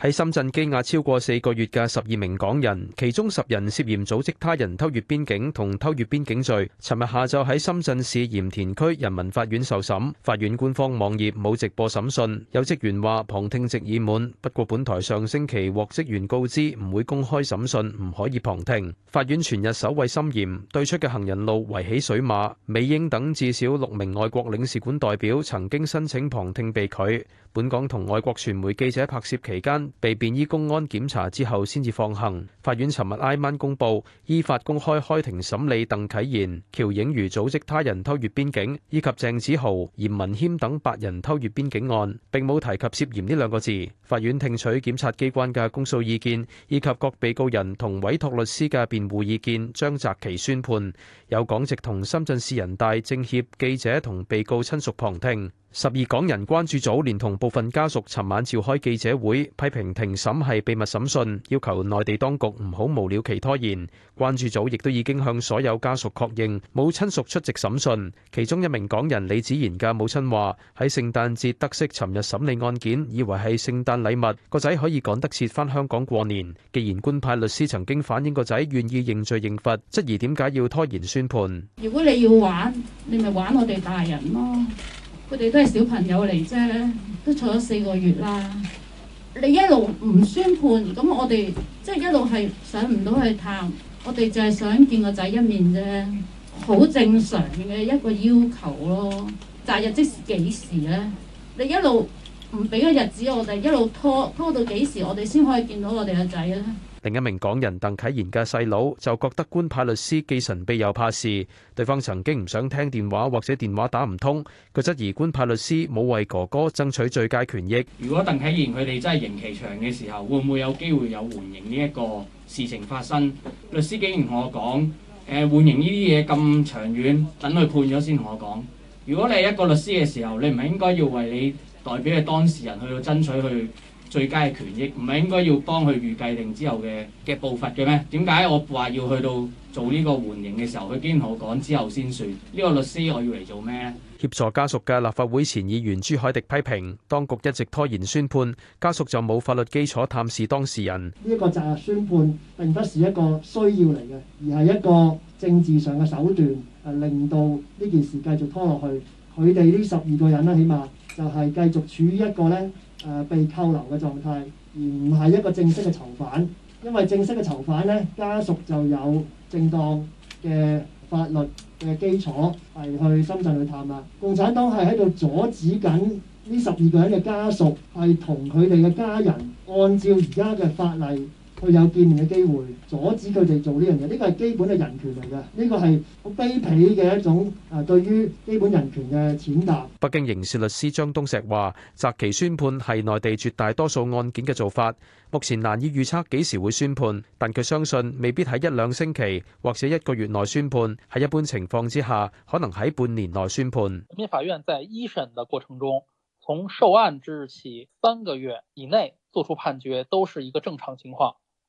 喺深圳羈押超過四個月嘅十二名港人，其中十人涉嫌組織他人偷越邊境同偷越邊境罪，尋日下晝喺深圳市鹽田區人民法院受審，法院官方網頁冇直播審訊，有職員話旁聽席已滿。不過本台上星期獲職員告知唔會公開審訊，唔可以旁聽。法院全日守衞森嚴，對出嘅行人路圍起水馬。美英等至少六名外國領事館代表曾經申請旁聽被拒。本港同外國傳媒記者拍攝期間，被便衣公安檢查之後，先至放行。法院尋日挨晚公布，依法公開開庭審理鄧啟賢、喬影如組織他人偷越邊境，以及鄭子豪、嚴文謙等八人偷越邊境案，並冇提及涉嫌呢兩個字。法院聽取檢察機關嘅公訴意見，以及各被告人同委託律師嘅辯護意見，將擇期宣判。有港籍同深圳市人大政協記者同被告親屬旁聽。十二港人關注組連同部分家屬尋晚召開記者會，批評庭審係秘密審訊，要求內地當局唔好無了期拖延。關注組亦都已經向所有家屬確認冇親屬出席審訊。其中一名港人李子賢嘅母親話：喺聖誕節得悉尋日審理案件，以為係聖誕禮物，個仔可以趕得切翻香港過年。既然官派律師曾經反映個仔願意認罪認罰，質疑點解要拖延宣判？如果你要玩，你咪玩我哋大人咯。佢哋都係小朋友嚟啫，都坐咗四個月啦。你一路唔宣判，咁我哋即係一路係上唔到去探。我哋就係想見個仔一面啫，好正常嘅一個要求咯。擇日即係幾時咧？你一路唔俾個日子，我哋一路拖拖到幾時，我哋先可以見到我哋嘅仔咧？另一名港人鄧啟賢嘅細佬就覺得官派律師既神秘又怕事，對方曾經唔想聽電話或者電話打唔通，佢質疑官派律師冇為哥哥爭取最佳權益。如果鄧啟賢佢哋真係刑期長嘅時候，會唔會有機會有緩刑呢一個事情發生？律師竟然同我講，誒、呃、緩刑呢啲嘢咁長遠，等佢判咗先同我講。如果你係一個律師嘅時候，你唔係應該要為你代表嘅當事人去爭取去？最佳嘅權益，唔係應該要幫佢預計定之後嘅嘅步伐嘅咩？點解我話要去到做呢個緩刑嘅時候，佢竟然同我講之後先算呢個律師我要嚟做咩？協助家屬嘅立法會前議員朱凱迪批評，當局一直拖延宣判，家屬就冇法律基礎探視當事人。呢個就係宣判並不是一個需要嚟嘅，而係一個政治上嘅手段，誒令到呢件事繼續拖落去。佢哋呢十二個人咧，起碼就係繼續處於一個呢。誒、呃、被扣留嘅狀態，而唔係一個正式嘅囚犯，因為正式嘅囚犯咧，家屬就有正當嘅法律嘅基礎係去深圳去探啊。共產黨係喺度阻止緊呢十二個人嘅家屬係同佢哋嘅家人按照而家嘅法例。佢有見面嘅機會，阻止佢哋做呢樣嘢，呢個係基本嘅人權嚟嘅。呢個係好卑鄙嘅一種誒，對於基本人權嘅踐踏。北京刑事律師張東石話，擇期宣判係內地絕大多數案件嘅做法。目前難以預測幾時會宣判，但佢相信未必喺一兩星期或者一個月內宣判。喺一般情況之下，可能喺半年內宣判。人民法院在一審嘅過程中，從受案之日起三個月以內作出判決，都是一個正常情況。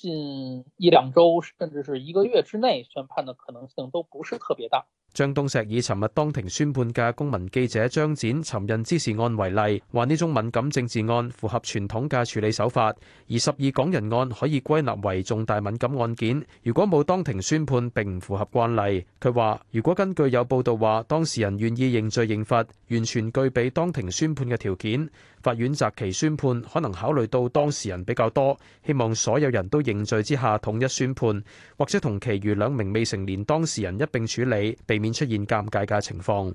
近一兩周甚至是一個月之內宣判的可能性都不是特別大。張東石以尋日當庭宣判嘅公民記者張展尋釁滋事案為例，話呢種敏感政治案符合傳統嘅處理手法，而十二港人案可以歸納為重大敏感案件。如果冇當庭宣判並唔符合慣例，佢話如果根據有報道話，當事人願意認罪認罰，完全具備當庭宣判嘅條件。法院擇期宣判，可能考慮到當事人比較多，希望所有人都認罪之下統一宣判，或者同其餘兩名未成年當事人一併處理，避免出現尷尬嘅情況。